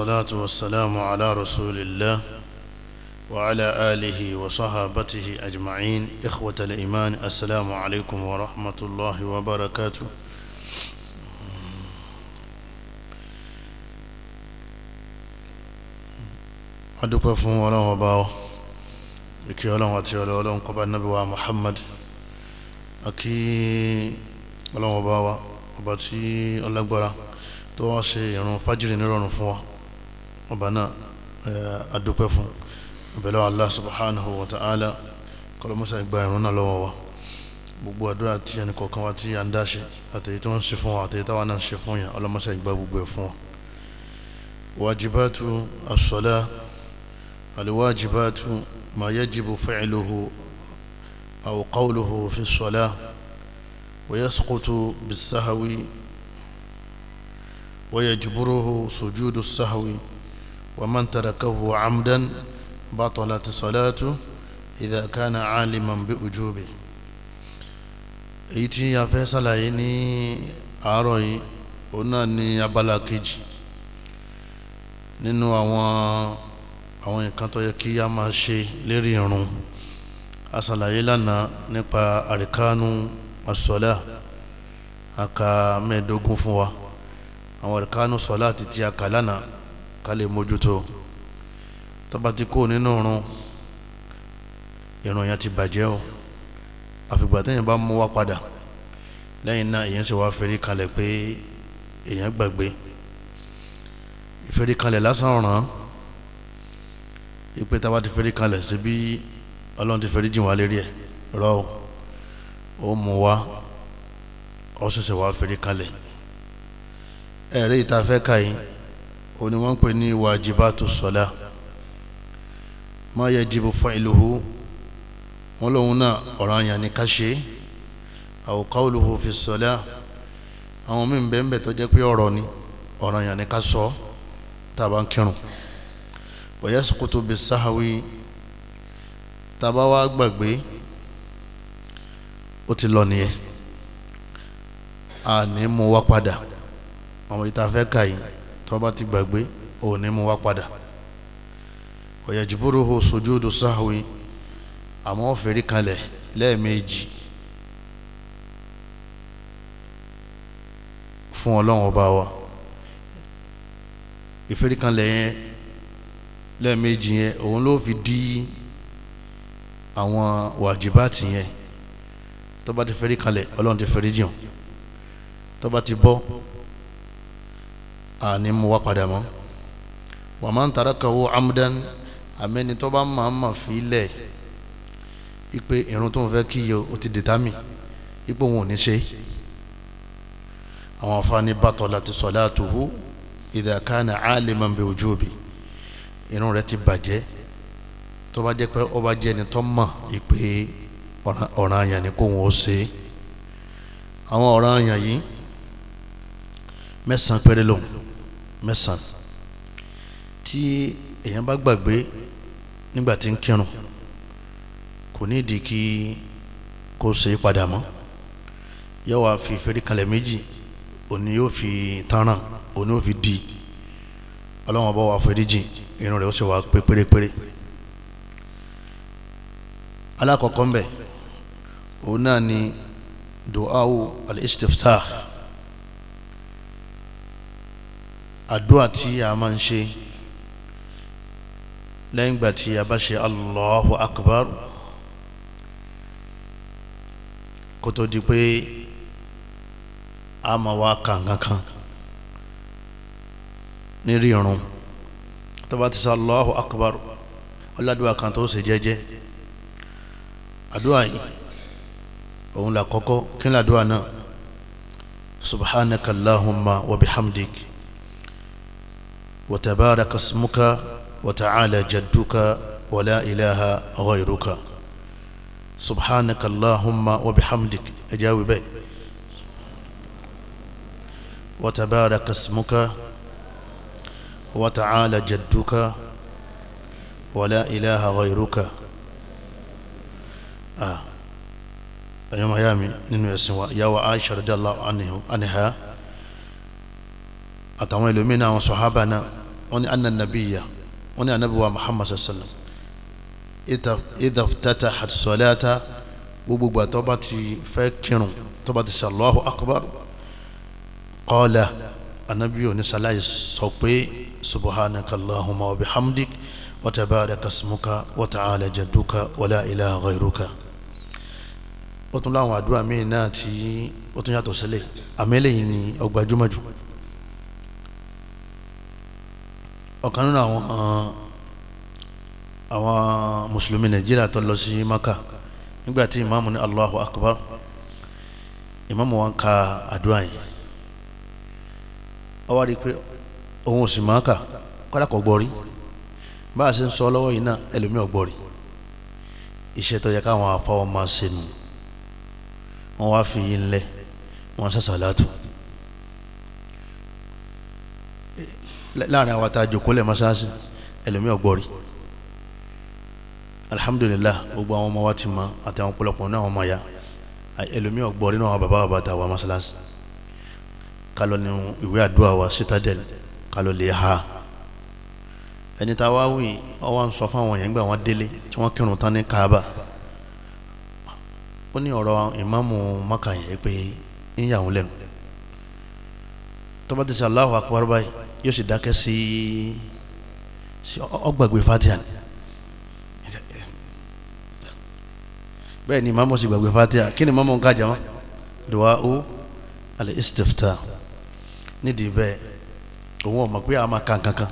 الصلاة والسلام على رسول الله وعلى آله وصحابته أجمعين إخوة الإيمان السلام عليكم ورحمة الله وبركاته عدوك فهم ولا وباو إكي ولا واتيول ولا وقبع النبي محمد أكي ولا وباو وباتي الله أكبر تواسي أشي ينو فجر نرون فوا بنا ادوبه فون بلو الله سبحانه وتعالى كل موسى يبان لنا لو بو ادو اتي ان كوكان واتي انداشي اتيتون شفون اتيتون شفون يا الله موسى يبان بو فون واجبات الصلاه الواجبات ما يجب فعله او قوله في الصلاه ويسقط بالسهو ويجبره سجود السهو ومن تركه عمدا بطلت صلاته إذا كان عالما بوجوبه èyí tí a fẹ́ ṣàlàyé ní àárọ̀ yìí òun náà ni abala kejì nínú àwọn àwọn nǹkan tó yẹ kí a máa ṣe lérí irun a ṣàlàyé lánàá nípa àríkánu asọ́lá àka mẹ́ẹ̀ẹ́dógún fún wa àwọn àríkánu sọ́lá àti tí a kà lánàá ká lè mójútó tó bá ti kó nínú òrun ìrun yẹn ti bàjẹ́ o àfìgbà téèyàn bá mú wa padà lẹ́yìn náà èèyàn ṣe wá fẹ́rí kalẹ̀ pé èèyàn gbàgbé ìfẹ́rí kalẹ̀ lásán ọ̀ràn ìpè tá a bá ti fẹ́rí kalẹ̀ síbi ọlọ́run ti fẹ́rí jìn wá lérí ẹ̀ rọ ó mú wa ó ṣẹ̀ṣẹ̀ wá fẹ́rí kalẹ̀ ẹ̀rí ìta fẹ́ ka yìí òní wọ́n ń pè ní wajibatu sọ́lá ma yajibu fa'iluhu wọ́n lòun náà ọ̀ranyàn ní ká ṣe aw qawluhu fi sọ́lá àwọn míì bẹ́ẹ̀ bẹ́ẹ̀ tó jẹ́ pé ọ̀rọ̀ ni ọ̀ranyàn ní ká sọ tàbá ń kírun wa yasqutu bis-sahwi tàbá wá gbàgbé ti lọ nìyẹn àní mú wá padà àwọn ìtafẹ́ kà yìí tọ́ba ti gbàgbé ò ní mú wá padà ọ̀yẹ̀jìbúrúhù sojúdù sáhùí àmọ́ fèrè kalẹ̀ lẹ́ẹ̀mejì fún ọlọ́run ọba wa ìfèrè kalẹ̀ yẹn lẹ́ẹ̀mejì yẹn òun ló fi dí àwọn wàjibáàtì yẹn tọ́ba ti fèrè kalẹ̀ ọlọ́run ti fèrè jìn tọ́ba ti bọ́ àní mú wá padà mọ́ wa man tarakahu amdan àmẹ́ni tó bá máa ma fi lẹ̀ ipe irun tó ń fẹ́ kí yo ó ti dìtámì ipe òun ò ní ṣe àwọn afáàní batalat salatuhu idha kana aliman bi wujubi irun rẹ̀ ti bàjẹ́ tó bá pé ó bá jẹ́ ẹni tó ipe ọ̀ràn àyàn ni kò wọ́n ó ṣe àwọn ọ̀ràn àyàn yìí mẹ́sàn-án péré lòun mẹ́sàn-án tí èèyàn bá gbàgbé nígbà tí ń kírun kò ní ìdí kí kó ṣe é padà mọ́ yóò wá fi fèrè kalẹ̀ méjì òní yóò fi tánràn òní yóò fi di ọlọ́wọ́n bá wà fẹ́ríjì irun rẹ̀ ó sì wá pé pérépéré alákọ̀ọ́kọ́ ń bẹ̀ òun náà ni duawu al àdúrà tí a máa ń ṣe lẹ́yìn ìgbà tí a bá ṣe Allahu Akbar kó tó di pé a máa wá kàǹkankan ní rírun tó bá ti sọ Allahu Akbar ọládùúwà kan tó ṣe jẹ́jẹ́ àdúrà yìí òun là kí ni àdúrà náà subhanakallahumma wa bihamdik. وتبارك اسمك وتعالى جدك ولا إله غيرك سبحانك اللهم وبحمدك أجاوبي وتبارك اسمك وتعالى جدك ولا إله غيرك آه يا أيامي ننو يسوى يا وعائشة رضي الله عنها àtàwọn ẹlòmínà àwọn sọ̀hábà náà wọ́n ní anna nabiya wọ́n ní anabiwa muhammad sallam idaftata hasolata gbogbo àtọ́ba ti fẹ́ kírun tọ́ba ti sàlọ́hu akbar qala anabi òní sàlàyé sọ pé subhanaka allahumma wa bihamdik wa tabaraka ismuka wa ta'ala jadduka wa la ilaha ghayruka ó tún láwọn àdúrà míì náà tí ó tún yàtọ̀ sílẹ̀ àmẹ́lẹ́yìn ọ̀kan nínú àwọn uh, àwọn mùsùlùmí nàìjíríà tó lọ sí maka nígbà tí ìmáàmù ní allahu akbar ìmáàmù wa ń ka àdúrà yìí ó wá rí i pé òun ò sì máa kà kọ́dà kò gbọ́ bá a ṣe ń sọ lọ́wọ́ yìí náà ẹlòmíì ò iṣẹ́ tó yẹ káwọn afọwọ́ máa ṣe nù wọ́n wá fi yín lẹ̀ wọ́n ṣàṣàlátù láàrin àwọn tá a jòkó lẹ̀ mọ́sáàsì ẹlòmíì ọ̀gbọ́rì alhamdulillah gbogbo àwọn ọmọ wa ti mọ àti àwọn ọ̀pọ̀lọpọ̀ náà wọn mọ̀ ya ẹlòmíì ọ̀gbọ́rì náà wọn bàbá bàbá ta wà mọ́sáàsì kálọ̀ ní ìwé àdúrà wa citadel kálọ̀ lè ha ẹni tá a wá wí ọwọ́ ń sọ fáwọn yẹn gbà wọ́n délé tí wọ́n kírun tán ní kaaba ó ní ọ̀rọ̀ ìmáàmù Mákà pé ń yà wọ́n lẹ́nu tó bá ti báyìí yóò sì dákẹ́ sí ọgbàgbé fatiha bẹ́ẹ̀ ni mamu sì gbàgbé fatiha kí ni mamu ń kájà wọn duwa o alẹ́ istifta nídìí bẹ́ẹ̀ òun ọ̀mọ̀ pé a máa ka nǹkan kan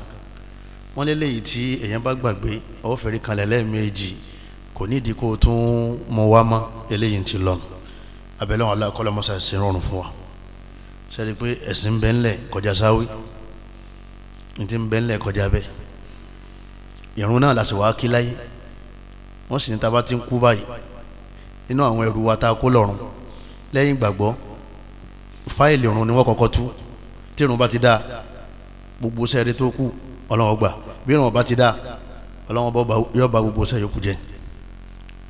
wọ́n lélẹ́yìí tí èèyàn bá gbàgbé ọwọ́ fẹ̀rí kalẹ̀ lẹ́ẹ̀mejì kò nídìí kó o tún mọ wá mọ́ eléyìí ti lọ abẹ́lẹ́ wọn aláàkọ́lọ́mọṣà sí rọrùn fún wa ṣe rí i pé ẹ̀sìn bẹ́ńlẹ̀ kọjá sáwí ní ti ń bẹ́ ńlẹ̀ kọjá bẹ́ẹ̀ ìrún náà làṣẹ wàá kí láyé wọ́n sì ní tá a bá ti ń kú báyìí nínú àwọn ẹrù wa tá a kó lọ́rùn lẹ́yìn ìgbàgbọ́ fáìlì ìrún ni wọ́n kọ́kọ́ tú tí ìrún bá ti dáa gbogbo sẹ́ẹ̀rẹ́ tó kù ọlọ́wọ́ gbà bí ìrún bá ti dáa ọlọ́wọ́ bọ́ yọ ba gbogbo sẹ́ẹ̀ yòókù jẹ́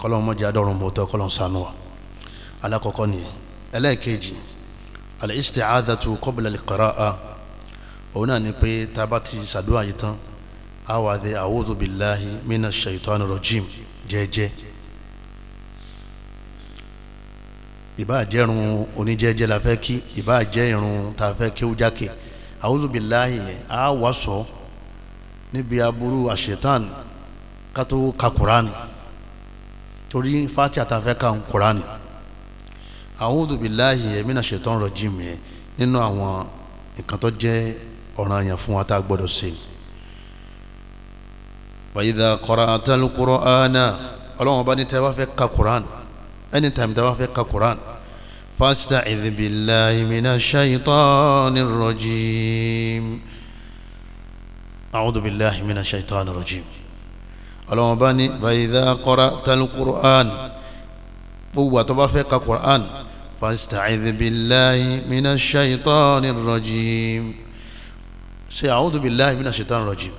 kọ́lọ́n mọ́jà adọ́run mọ́tọ́ kọ́lọ́n sànù wa alákọ̀ọ́kọ́ nìyẹn ẹlẹ́ẹ̀kejì al-isti'adhatu òun náà ni pé tá a bá ti ṣàdúrà yìí tán a wà dé a'udhu billahi minash shaitani rajim jẹ́ẹ́jẹ́ ìbá jẹ́run oníjẹ́jẹ́ la fẹ́ kí ìbá jẹ́ irun tá a fẹ́ kí ó jákè a'udhu billahi yẹn a wà sọ níbi aburú àṣetán kátó ka kuraani torí fati àtàfẹ́ ka kuraani a'udhu billahi yẹn minash yẹn nínú àwọn nǹkan ọ̀ràn yẹn fún wa tá a gbọ́dọ̀ ṣe ni. wàyídà qara'ta al-Qur'ana ọlọ́wọ́n bá ní tẹ́ wá fẹ́ ka Qur'an ẹni tàbí tẹ́ wá fẹ́ ka Qur'an fasta'idh billahi minash shaytanir rajim a'udhu billahi minash shaytanir rajim ọlọ́wọ́n bá ní wàyídà qara'ta al-Qur'an gbogbo àtọ́ bá fẹ́ ka Qur'an fasta'idh billahi minash shaytanir rajim ṣe a'udhu billahi minash shaitanir rajim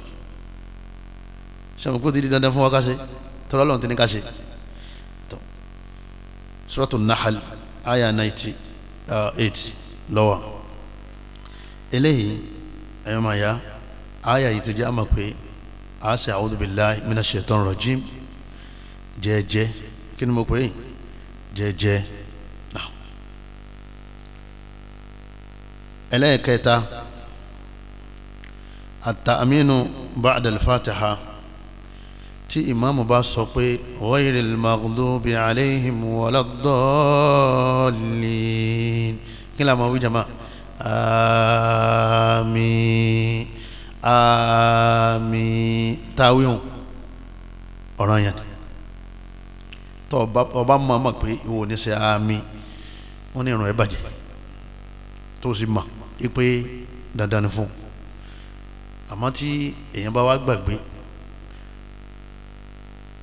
sẹ́wọ̀n kó ti di dandan fún wa ká ṣe tọ́lá lọ́n ti ní ká ṣe tó Suratul Nahl aya ninety uh, eight lọ́wọ́ eléyìí ẹ̀yọ́ máa ya aya yìí tó jẹ́ àmọ̀ pé a ṣe a'udhu billahi minash shaitanir rajim jẹ́ẹ́jẹ́ kí ni mo pè é jẹ́ẹ́jẹ́ ẹlẹ́ẹ̀kẹta àtàmínú ba'dal fatiha tí ìmáàmù bá sọ pé ghayril maghdubi alayhim waladdallin kí la máa wí jama àmín àmín táwíhùn ọ̀ràn yẹn tọ́ ọba mọ̀ọ́mọ̀ pé ìwọ ní ṣe àmín wọ́n ní ìrùn ẹ̀ bàjẹ́ tó sì mọ̀ ipe dandan ni fún un àmọ́ tí èèyàn bá wá gbàgbé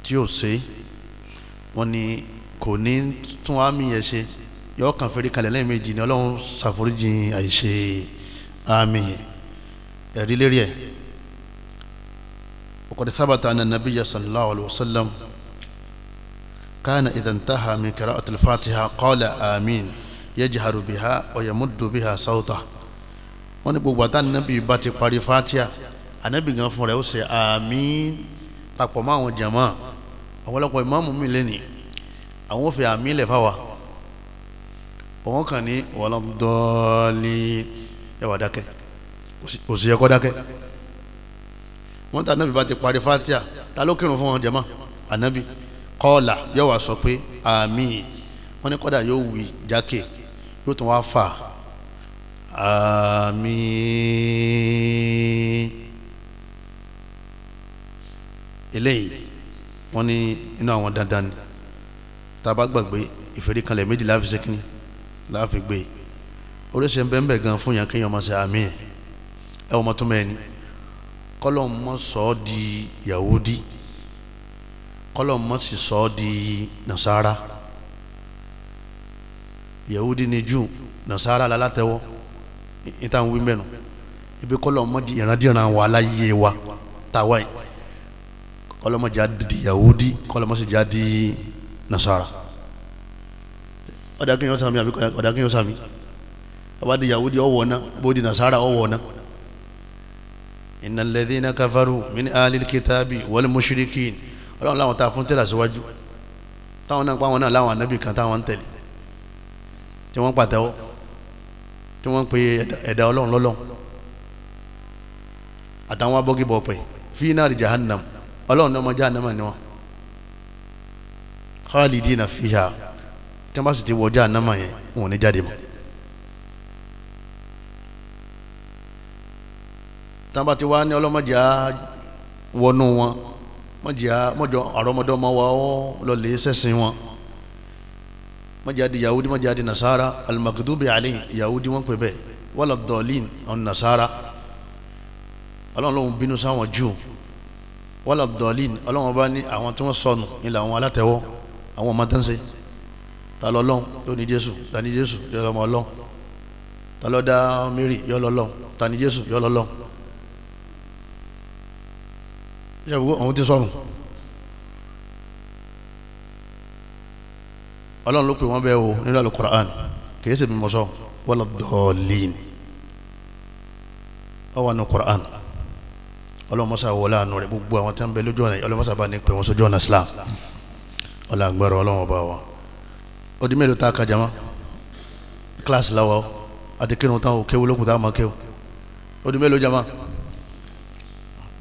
tí ò ṣe wọ́n ní kò ní tún wá mí yẹn ṣe yọ kàn fèrè kalẹ̀ lẹ́yìn méjì ni ọlọ́run ṣàforíjì àìṣe àmì ẹ̀rí lérí ẹ̀ وقد ثبت أن النبي صلى الله عليه وسلم كان إذا انتهى من قراءة الفاتحة قال آمين يجهر بها ويمد بها صوته wọ́n ní gbogbo àtàn nàbì bá ti parí fatia ànábì gan fún rẹ̀ ó ṣe àmín papọ̀ mọ́ àwọn jàmọ́ ọ̀pọ̀lọpọ̀ ìmáàmù mi lẹ́nìí àwọn ò fi àmín lẹ̀ fáwa òun kàn ní wọlọ́dọ́ọ́lì ẹwà dákẹ́ òsì ẹ̀kọ́ dákẹ́ wọ́n ta ànábì bá ti parí fatia ta ló kírun fún wọn jàmọ́ ànábì kọ́ọ̀là yóò wá sọ pé àmín wọ́n ní kọ́dà yóò wí jákè yóò tún wá fà á àmín eléyìí wọ́n ní inú àwọn dandan ni tá a bá gbàgbé ìfẹ́ríkanlẹ̀ méjì láfi ṣe kínní láfi gbé oríṣi bẹ́ẹ̀nbẹ́ẹ̀ gan fún yàn kéèyàn máa ṣe àmín ẹ̀ wọ́n tún mẹ́ẹ̀ ni mọ́ sọ ọ́ di Yahudi kọ́lọ̀ mọ́ sì sọ ọ́ di Nasara Yahudi ni Júù Nasara lálátẹ́wọ́. La ìta ń wí mẹ́nu ibi kọ́ lọ́mọ di ìrandíran wa aláyé wa tàwa yìí kọ́ lọ́mọ jẹ́ di Yahudi kọ́ lọ́mọ sì jẹ́ di Nasara ọ̀dà kí n yọ sàmì ọ̀dà kí n yọ sàmì ọba di Yahudi ọ̀wọ̀ náà bó di Nasara ọ̀wọ̀ náà. إن الذين كفروا من آل الكتاب والمشركين ọlọ́run láwọn tá fún tẹ́lá síwájú táwọn náà pa àwọn náà láwọn ànábì kan táwọn ń tẹ̀lé tí wọ́n pàtẹ́wọ́ tí wọ́n ń pe ẹ̀dá ọlọ́run lọ́lọ́run àtàwọn abọ́gibọ̀ pẹ̀ fínárì jahannam ọlọ́run ní ọmọ jahannam ni wọn khalidina fiha tí wọ́n bá sì ti wọ jahannam yẹn wọn ò ní jáde mọ́ tí wọ́n bá ti wá ní ọlọ́mọdé á wọnú wọn mọ̀jọ́ àrọ́mọdọ́mọ wa ó lọ lè sẹ́sìn wọn mọ́jáde yahudi mọ́jáde nasara alimakidubi alayhi yahudi wọ́n pè bẹ́ẹ̀ wala dọ̀lin àwọn nasara ọlọ́run lòun bínú sáwọn jù wala dọ̀lin ọlọ́run bá ní àwọn tí wọ́n sọnù nílẹ̀ àwọn alátẹ̀wọ́ àwọn ọmọ tẹ́ńsẹ̀ ta lọ lọ́n yóò ní jésù ta ní jésù yóò lọ́mọ lọ́n ta ló dá mary yóò lọ lọ́n ta ní jésù yóò lọ lọ́n. ṣé ohun ti sọnù. ọlọ́run ló pè wọ́n bẹ́ẹ̀ o nínú alukur'an kìí ṣe mímọ́sọ́ wala dọ́ọ̀lìn ọwọ́ nínú kur'an ọlọ́run mọ́sá wọlé àánú rẹ̀ gbogbo àwọn tí wọ́n bẹ lójú ọ̀nà ọlọ́run mọ́sá bá ní pè wọ́n sójú ọ̀nà islam ọlọ́run agbára ọlọ́run ọba wa ọdún mélòó tá a kájà mọ́ kíláàsì láwa àti kírun táwọn kéwu lókùtà máa kéwu ọdún mélòó jama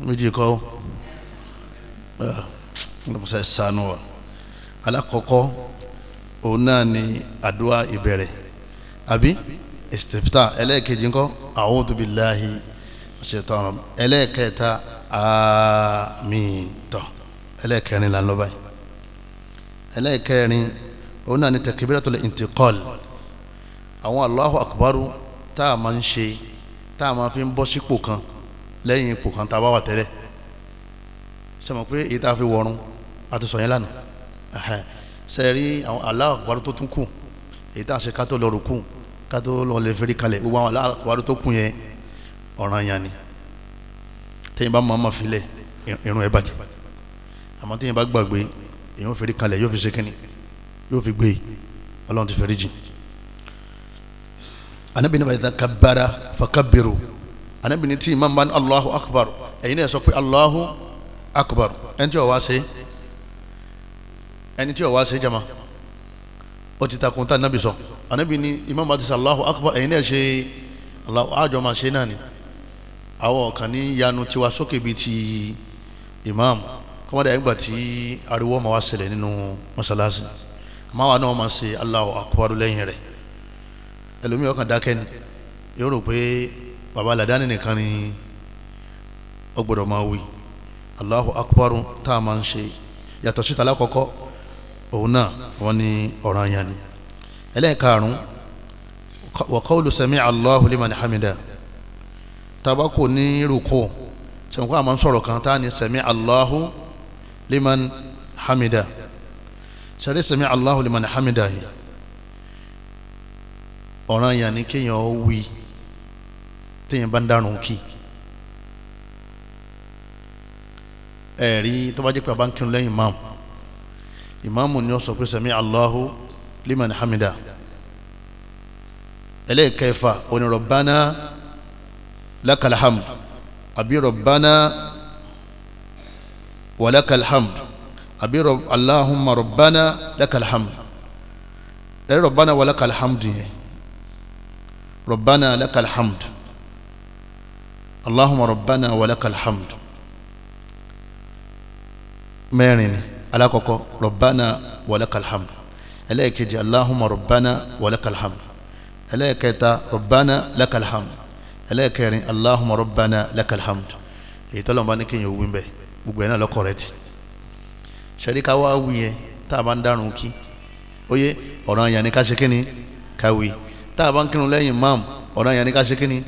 méjì kọ́ ah, ọlọ́run mọ́sá ẹ̀ òun náà ni àdúrà ìbẹ̀rẹ̀ àbí istifta ẹlẹ́ẹ̀kejì ńkọ́ a'udhu billahi ṣètọ́rọ̀ ẹlẹ́ẹ̀kẹta àmín tọ́ ẹlẹ́ẹ̀kẹrin là ń lọ báyìí ẹlẹ́ẹ̀kẹrin òun náà ni takbiratul intiqal àwọn Allahu akbaru tá a máa ń ṣe tá a máa fi ń bọ́ sípò kan lẹ́yìn ipò kan tá a bá wà tẹ́lẹ̀ ṣe mọ̀ pé èyí tá a fi wọ̀run a ti sọ yẹn lánàá sẹ́ẹ̀rí àwọn Allahu Akbar tó tún kù èyí tá a ṣe ká tó lọ rùkù ká tó lọ lè fẹ́rí kalẹ̀ gbogbo àwọn Allahu Akbar tó kù yẹn ọ̀ranyàn ni tẹ́yìn bá máa ma filẹ̀ irun ẹ̀ bàjẹ́ àmọ́ tẹ́yìn bá gbàgbé èyàn fẹ́rí kalẹ̀ yóò fi ṣe kínní yóò fi gbé ọlọ́run ti fẹ́rí jì anabi ní bàtà kabara fakabiru anabi ní tí imam bá ní Allahu ẹ̀yin náà sọ pé Allahu Akbar ẹni ẹni tí ó wá ṣe jama ó ti takun tá nàbì sọ ànábì ni imam ati sallahu akbar ẹ̀yin náà ṣe Allahu àjọ máa ṣe náà ni àwọn kan ní yanu tiwa sókè bíi ti imam kọ́mọdé ẹgbà tí ariwo máa wá ṣẹlẹ̀ nínú mọ́ṣáláṣí àmọ́ àwọn náà máa ṣe Allahu akbar lẹ́yìn rẹ̀ ẹlòmíì ọkàn dákẹ́ ni yóò rò pé baba aládàáni nìkan ni ó gbọ́dọ̀ máa wí Allahu akbar tá a máa ṣe yàtọ̀ sí tàlákọ́kọ́ òun náà wọ́n ní ọ̀ràn yẹn ni ẹlẹ́ẹ̀karùn-ún wa qawlu sami'a Allahu liman hamida tabako ní rúkọ sẹ́wọ̀n àmọ́ sọ̀rọ̀ kan tá a ní sami'a Allahu liman hamida sẹ́rí sami'a Allahu liman hamida yìí ọ̀ràn yẹn ni kéèyàn wí téèyàn bá ń dárun kí ẹ̀rí tó bá jẹ́ pé a bá ń kírun lẹ́yìn máàmù ìmáàmù ni ó sọ pé sami Allahu liman hamida ẹlẹ́ẹ̀kẹfà òní rọ̀bánà lakalhamd àbí rọ̀bánà walakalhamd àbí Allahumma rọ̀bánà lakalhamd ẹ̀rí rọ̀bánà walakalhamd yẹn rọ̀bánà lakalhamd Allahumma rọ̀bánà walakalhamd mẹ́rin ni alakọkọ rọbana wàlẹkàlham ẹlẹ́ẹ̀kejì aláhùnmá rọbana wàlẹkàlham ẹlẹ́ẹ̀kẹta rọbana lẹkàlham ẹlẹ́ẹ̀kẹrin aláhùnmá rọbana lẹkàlham èyí tọ́lọ́ bá ní kéèyàn wí bẹ́ẹ̀ gbogbo ẹ̀ náà lọ́kọ̀ rẹ ti sẹ́ríkà wá wí yẹn tá a bá ń dárun kí ó yẹ ọ̀ràn yẹn ni ká ṣe kíni káwí tá a bá ń kírun lẹ́yìn máàmù ọ̀ràn yẹn ká ṣe kíni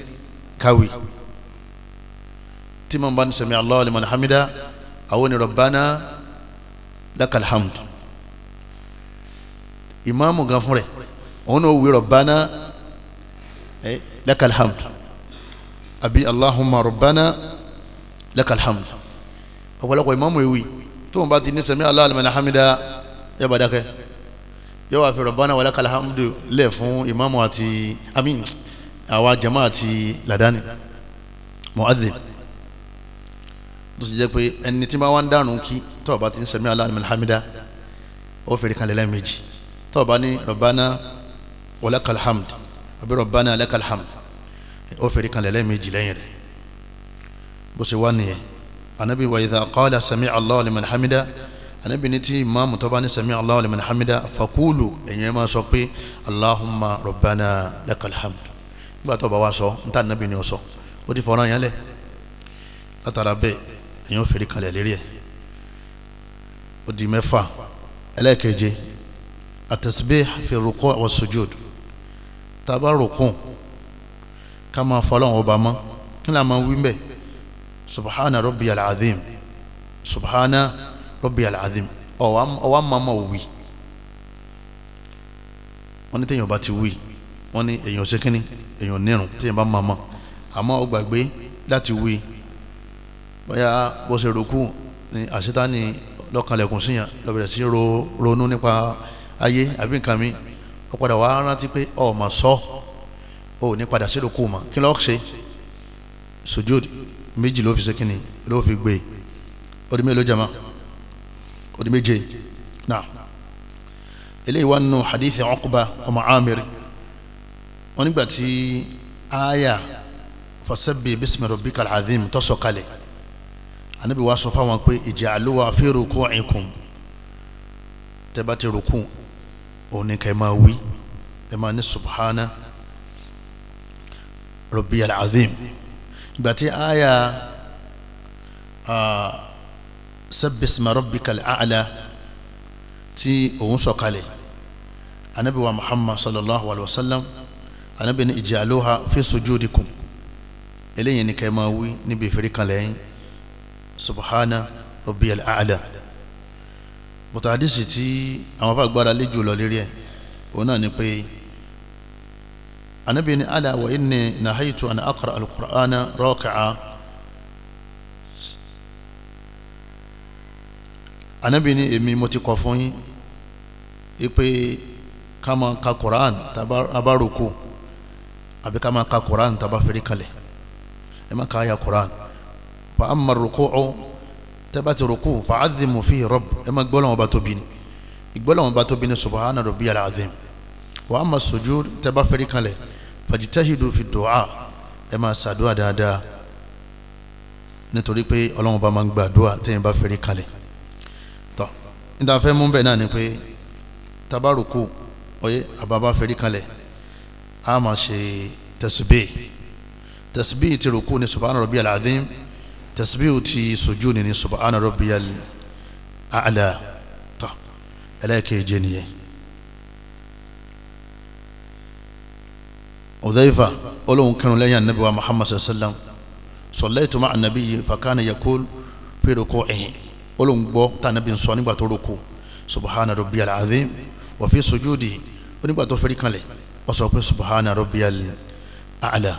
lakal hamd ìmáàmù gan fún rẹ̀ òun náà wí rabbana lakal hamd àbí allahumma rabbana lakal hamd ọ̀pọ̀lọpọ̀ ìmáàmù ewì tó wọn bá ti ní sami Allahu liman hamida yẹ bá dákẹ́ yẹ wàá fi rabbana wa lakal hamd lẹ̀ fún ìmáàmù àti àmín àwa jama ladani mu'adhdhib ló sì jẹ́ pé ẹni tí bá wá ń dànù kí tó bá ti ń sẹ̀mí aláàmì hamida ó fèrè kan lẹ́lẹ́ méjì tó bá ní rabbana walakal hamd àbí rabbana lakal hamd ó fèrè kan lẹ́lẹ́ méjì lẹ́yìn rẹ̀ bó ṣe wá nìyẹn anabi wa idha qala sami allahu liman anabi ní tí imaamu tó ní sami allahu liman fakulu ẹ̀yẹn máa sọ pé allahumma rabbana lakal èyàn fèrè kalẹ̀ lérí ẹ̀ ó di mẹ́fà ẹlẹ́ẹ̀keje at-tasbih fi ruku' wa sujud tàbá rùkún ká máa fọlọ́wọ́n ọba mọ́ kí ni a máa wí mbẹ́ subhana rabbiyal azim subhana rabbiyal azim ọwọ́ mama wí wọ́n ní téèyàn bá ti wí wọ́n ní èyàn ṣe kínní èyàn nírun téèyàn bá mama àmọ́ ó láti wí bóyá bó ṣe rúkú ni àṣetánì lọ́kànlẹ̀kùn síyàn lọ́bẹ̀rẹ̀ sí ronú nípa ayé àbí nǹkan mi ó padà wá rántí pé ọ̀ mà sọ ò ní padà sí rúkú mà kí lọ́ọ́ ṣe sujud méjì ló fi ṣe kíni ló fi gbé odi mélòó jama odi méje na eléyìí wà nù hadith Uqba ọmọ amiri wọn nígbà tí aya fasabi bismi rabbikal azim tó anabi wa sọ fáwọn pé ij'alu fi ruku'ikum tẹ́ bá ti rukú òun ni ká ẹ máa wí ẹ máa ní subhana rabbiyal azim ìgbà tí aya sabbisma rabbikal a'la tí òun sọ̀kalẹ̀ anabi wa muhammad sallallahu alaihi wa sallam anabi ni ij'aluha fi sujudikum eléyìí ni ká ẹ máa wí níbi ìfẹ́rí subhana rabbiyal a'la bọ̀tà àdìsí tí àwọn afa gbára lé jù lọ lérí ẹ̀ òun náà ni pé anabi ni ala wa inni nahaitu an aqra al-qur'ana raki'a anabi ni èmi mo ti kọ̀ fún yín ipe ká máa ka quran taba abaruku àbí ká máa ka quran taba feri kalẹ̀ ẹ má ka aya quran fa ama ruku'u tẹ́bà ti ruku fa azimu fi rabb ẹ ma gbọ́ lọ́wọ́ bá tóbi ni ìgbọ́ lọ́wọ́ bá tóbi ni subahana rabbiyal azim wa ama sujud tẹ́bà fẹ́rí kalẹ̀ fajitahidu fi du'a ẹ ma ṣàdúrà dáadáa nítorí pé ọlọ́wọ́ bá ma ń gbàdúrà tẹ́yìn bá fẹ́rí kalẹ̀ tọ́ níta fẹ́ mú bẹ́ẹ̀ náà ni pé tabaruku ọyẹ àbábá fẹ́rí kalẹ̀ a ma ṣe tasbih tasbih ti ruku ni subahana rabbiyal azim tasbihu ti sojú ni ni subhana rabbiyal a'la tọ́ ẹlẹ́ẹ̀keje nìyẹn Udhaifa olóhùn kanu lẹ́yìn anabi wa Muhammad sallam sọlẹ́tù máa nàbí yìí fakana yakul fi ruku'ihi olóhùn gbọ́ tá nàbí sọ nígbà tó ruku subhana rabbiyal azim wa fi sujudihi onígbà tó fẹ́rí kanlẹ̀ ó sọ pé subhana rabbiyal a'la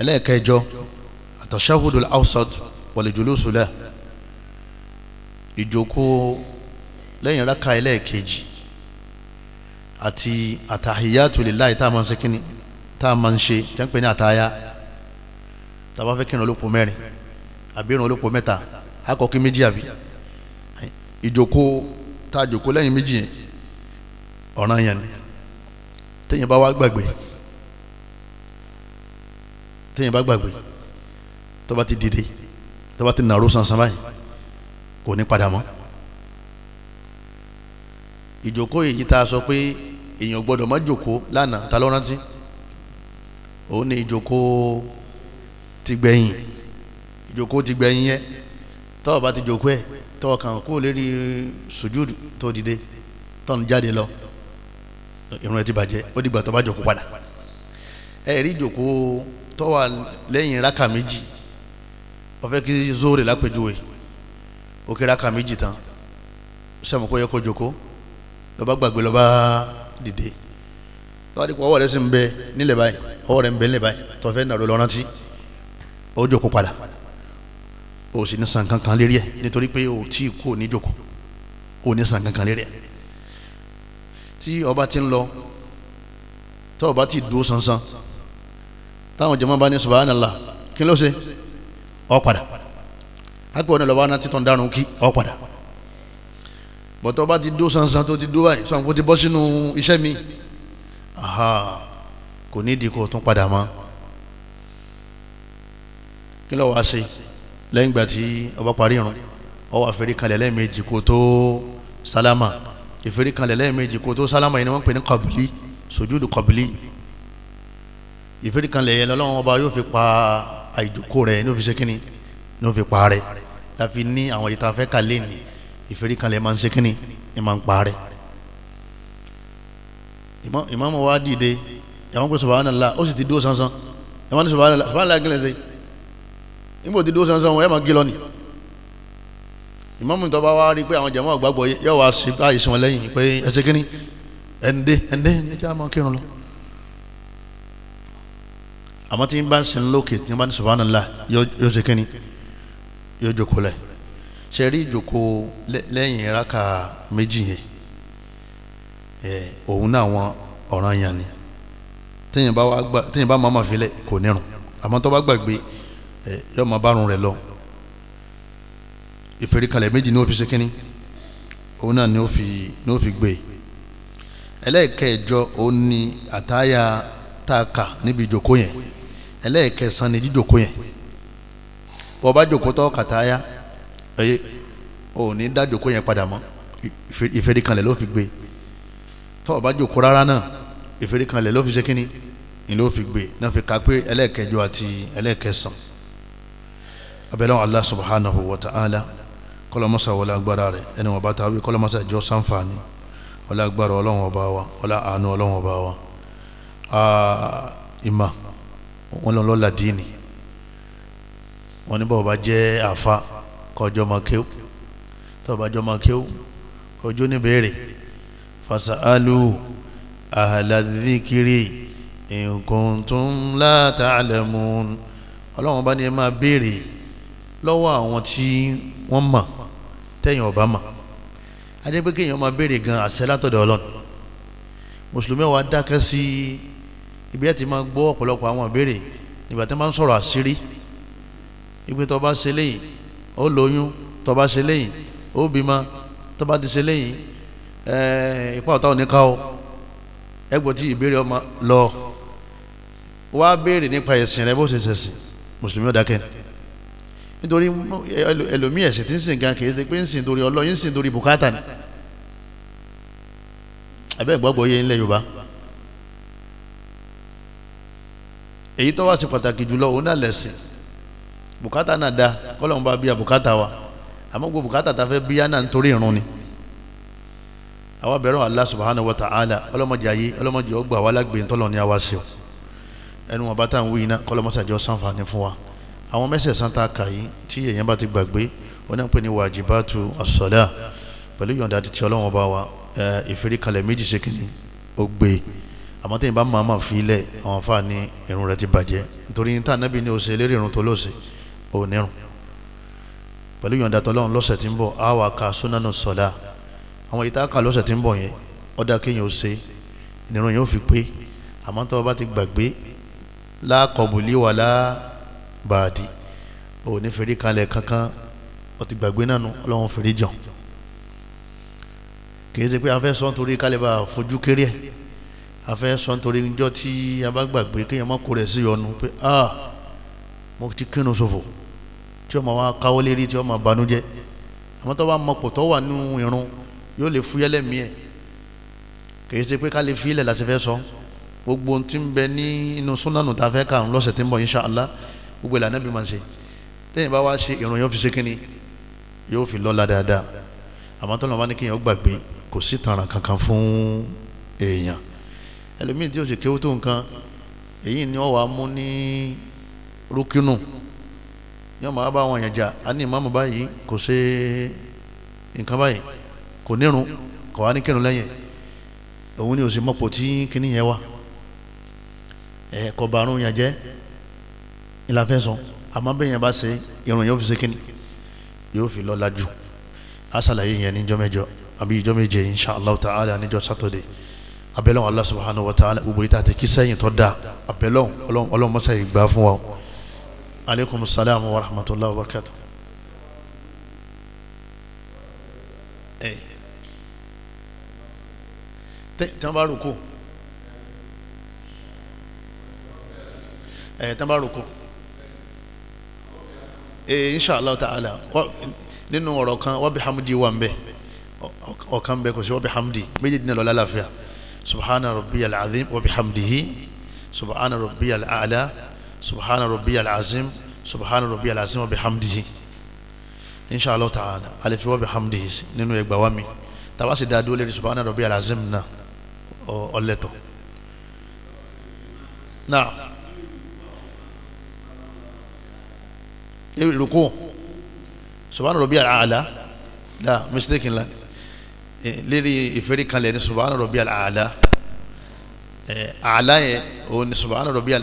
ẹlẹ́ẹ̀kẹjọ àtọ̀ṣáhùdù al-awsat wal-julusu lah ìjókòó lẹ́yìn rákà ẹlẹ́ẹ̀kejì àti àtàhíyàtù lillahi tá a máa ń ṣe kínní tá a máa ń ṣe jẹ́ ń pè ní àtàyà tá a bá fẹ́ kírun olóko mẹ́rin àbí irun olóko mẹ́ta akọ̀kí méjì àbí ìjókòó tá a jókòó lẹ́yìn méjì yẹn ọ̀ràn yẹn ni téèyàn bá wá gbàgbé téèyàn bá gbàgbé tó bá ti dìde tó bá ti nàró sansan báyìí kò ní padà mọ́ ìjókòó èyí tá a sọ pé èèyàn gbọ́dọ̀ má jókòó lánàá ta ló òun ni ìjókòó ti gbẹ̀yìn ìjókòó ti gbẹ̀yìn yẹn tó o bá ti jókòó ẹ̀ tó o kàn kó lérí sùjúdù tó dìde tó ń jáde lọ irun ẹ ti bàjẹ́ ó dìgbà tó bá jókòó padà ẹ̀ rí ìjókòó tó wà rákà méjì ọ̀fẹ́ kí zóòrè lápèjúwe òkèrè aka méjì tán sẹ́mu kó yẹ kó joko lọ́ba gbàgbé lọ́ba dìde lọ́ba dìpọ̀ ọwọ́ rẹ̀ sì ń bẹ nílẹ̀ báyìí ọwọ́ rẹ̀ ń bẹ nílẹ̀ báyìí tọ́fẹ́ nàró lọ rántí ó joko padà ó sì ní san kankan lérí ẹ̀ nítorí pé ó tí kú ní joko ó ní san kankan lérí ẹ̀ tí ọba ti ń lọ tọ́ ti dúró sansan táwọn jàmáà bá ní subhanallah kí ló ṣe ọ padà ápẹ́ ọ̀nà lọ́wọ́ náà títọ́ ń dárun kí ọ padà bọ̀tọ́ bá ti dó sansan tó ti dó báyìí sọ̀rọ̀ kó ti bọ́ sínú iṣẹ́ mi kò ní ìdí kó tún padà mọ́ kí ló wá ṣe lẹ́yìn ìgbà tí ọba parí irun ó wá fẹ́rí kalẹ̀ lẹ́ẹ̀mejì kó tó sálámà ìfẹ́rí kalẹ̀ lẹ́ẹ̀mejì kó tó sálámà yìí ni wọ́n pè ní kọ̀bìlì sojúdù kọ̀bìlì ìfẹ́rí kalẹ̀ yẹn lọ́wọ́ ọba yóò fi pa àìjòkó rẹ̀ ní òfin ṣẹ́kínni ní òfin parẹ́ láfi ní àwọn ìta fẹ́ kà lẹ́ni ìfẹ́rí kan lẹ́ máa ń ṣẹ́kínni ní máa ń parẹ́. ìmáàmù wa dìde ìyàwó pé subhanallah ó sì ti dúró sánsan ìyàwó ní subhanallah subhanallah gílẹ̀ ṣe níbo ti dúró sánsan wọn ẹ̀ máa gí lọ́nìí ìmáàmù tó bá wá rí pé àwọn jàmáà gbàgbọ́ yẹ wá sí báyìí sí àmọ́ tí n bá ń sin lókè tí n bá ní subhanallah yóò ṣe kínní yóò jókòó lẹ̀ ṣe rí ìjókòó lẹ́yìn ìraka méjì yẹn òun náà wọn ọ̀ràn yẹn ni téèyàn bá máa fi lẹ̀ kò nírun àmọ́ tó bá gbàgbé yóò máa bárun rẹ̀ lọ ìfèríkalẹ̀ méjì ni ó fi ṣe kínní òun náà ni ó fi ni ó fi gbé ẹlẹ́ẹ̀kẹjọ òun ni àtàyà tá a kà níbi ìjókòó yẹn ẹlẹ́ẹ̀kẹsàn ni jíjòkó yẹn bọ́ ọ bá jòkó tọ́ kàtáyà ẹ̀yẹ ò ní dá jòkó yẹn padà mọ́ ìfẹ́ríkanlẹ̀ ló fi gbé tọ́ ọ bá jòkó rárá náà ìfẹ́ríkanlẹ̀ ló fi ṣe kínní ni ló fi gbé náà fi kà pé ẹlẹ́ẹ̀kẹjọ àti ẹlẹ́ẹ̀kẹsàn abẹ́lẹ́ Allah subhanahu wa ta'ala kọlọmọsà wọlé agbára rẹ ẹni wọn bá ta wí kọlọmọsà jọ sanfàní wọlé agbára ọlọ́wọ́n ọba wa wọlé àánú ọlọ́wọ́n ọba wa ìmà. Uh, wọn lọ́n lọ́la díìnì wọn ní bọ́ọ̀ bá jẹ́ àfa kọjọ́ máa kéw tọ́ọ̀ bá jọ́ máa kéw kọjọ́ níbèrè fasalu ahaladikiri in kuntum la ta'lamun ọlọ́run bá ní ẹ máa béèrè lọ́wọ́ àwọn tí wọ́n mọ̀ tẹ̀yìn ọba mọ̀ adé pé kéèyàn máa béèrè gan àṣẹ látọ̀dọ̀ ọlọ́run mùsùlùmí wa dákẹ́ sí i ibi ẹ ti máa gbọ́ ọ̀pọ̀lọpọ̀ àwọn ìbéèrè nígbà tí wọ́n bá ń sọ̀rọ̀ àṣírí ibi tó bá ṣe léyìn ó lóyún tó bá ṣe léyìn ó bímọ tó bá ti ṣe léyìn ipa ọ̀tá òní ká o ẹgbọ́n tí ìbéèrè ọmọ lọ wá béèrè nípa ẹ̀sìn rẹ bó ṣe ṣẹ̀sìn mùsùlùmí ó dákẹ́ nítorí ẹlòmíì ẹ̀sìn tí ń sìn gan kì ṣe pé ń sìn torí ọlọ́yin ń sìn torí bùkátà ni àbẹ́ ìgbàgbọ́ yẹn ń Yorùbá. èyí tó wá sí pàtàkì jùlọ òun náà lẹ̀sìn bùkátà náà da kọ́lọ́hún bá bíya bùkátà wa àmọ́ gbogbo bùkátà tá a fẹ́ bíya náà nítorí ìrun ni àwa bẹ̀rẹ̀ Allah subhanahu wa ta'ala ọlọ́mọdé ayé ọlọ́mọdé ọgbà wa lágbè ńtọ́lọ́ ní àwa ṣe o ẹnu wọn bá tá à ń wí iná kọ́lọ́mọsàjọ́ sànfàní fún wa àwọn mẹ́sẹ̀ santa kàyí tí èèyàn bá ti gbàgbé wọn náà pè ní wa ìfẹ́rí kalẹ̀ méjì ṣe àmọ́ tẹ́yìn bá máa máa fi ilẹ̀ àwọn afa ní irun rẹ ti bàjẹ́ nítorí níta nẹ́bí ní oṣù eléré irun tó lóṣè onírun pẹ̀lú yọ̀ǹda tọ́lọ́run lọ́sẹ̀ tí ń bọ̀ á wà ká súnánù sọ̀dá àwọn ìta kà lọ́sẹ̀ tí ń bọ̀ yẹn ọ̀dà kéèyàn ó ṣe ìnirun yẹn ó fi pé àmọ́ tó bá ti gbàgbé lákọ̀bùlí wà lábàdí ò ní fèrè kalẹ̀ kankan ó ti gbàgbé náà ọlọ́run fèrè jàn kì í ṣe pé afẹ́ sọ́n torí kalẹ̀ bá fojú kéré afẹ́ sọ nítorí níjọ́ tí a bá gbàgbé kéèyàn má kó rẹ̀ sí ọ̀nù pé ah mo ti kírun ṣòfò tí ọmọ wa káwọ́ lérí tí ọmọ banújẹ́ àmọ́ tó bá mọ pò tó wà nínú irun yóò lè fúyẹ́lẹ̀ mí ẹ̀ kìí ṣe pé ká lè fílẹ̀ láti fẹ́ sọ gbogbo ohun tí ń bẹ ní inú súnánù tá a fẹ́ kà ń lọ́sẹ̀ tí ń bọ̀ insha gbogbo ìlànà bí màá ṣe tẹ́yìn bá wá ṣe irun yóò fi ṣe kínni yóò fi lọ́la dáadáa àmọ́ tó lọ́n bá ní kéèyàn gbàgbé kò sí tààrà kankan fún èèyàn ẹlòmíì tí ó sì kéwú tó nǹkan èyí ni wọ́n wàá mú ní rúkínù yóò máa bá àwọn èèyàn jà á ní ìmáàmù báyìí kò ṣe nǹkan báyìí kò nírun kò wá ní kírun lẹ́yìn òun ni ò sì mọ̀pọ̀ tí kinní yẹn wà ẹ̀ kò bá àrùn yẹn jẹ́ ìlàfẹ́ sọ àmọ́ bẹ́ẹ̀ yẹn bá ṣe irun yóò fi ṣe kinní yóò fi lọ́la jù á yẹn níjọ́ mẹ́jọ àbí ìjọ́ méje insha ta'ala níjọ́ sátọ̀dẹ̀ abẹ́lẹ́ Allah subhanahu wa ta'ala gbogbo ìta àti kíṣẹ́ yìí tó da abẹ́lẹ́ ọlọ́run mọ́sá yìí gbà fún wa aleykum salaam wa rahmatulah wa barakatuh. tẹ́wọ́n bá rúkú tẹ́wọ́n bá rúkú insha ta'ala nínú ọ̀rọ̀ kan wa bihamdi wà ń bẹ̀ ọ̀kan bẹ̀ kò sí wa bihamdi méjèèjì náà láfíà subhana rabbiyal azim wa bihamdihi subhana rabbiyal a'la subhana rabbiyal azim subhana rabbiyal azim wa bihamdihi insha Allah ta'ala alifi wa bihamdihi nínú ẹgbà wa mi tàbá sì dáadúró lérí subhana rabbiyal azim náà ọlẹ́tọ̀ náà ìrùkú subhana rabbiyal a'la la mistake ńlá ni lérí ìfẹ́rí kanlẹ̀ ní subahana rabbiyal aala àlá yẹn òun ní subahana rabbiyal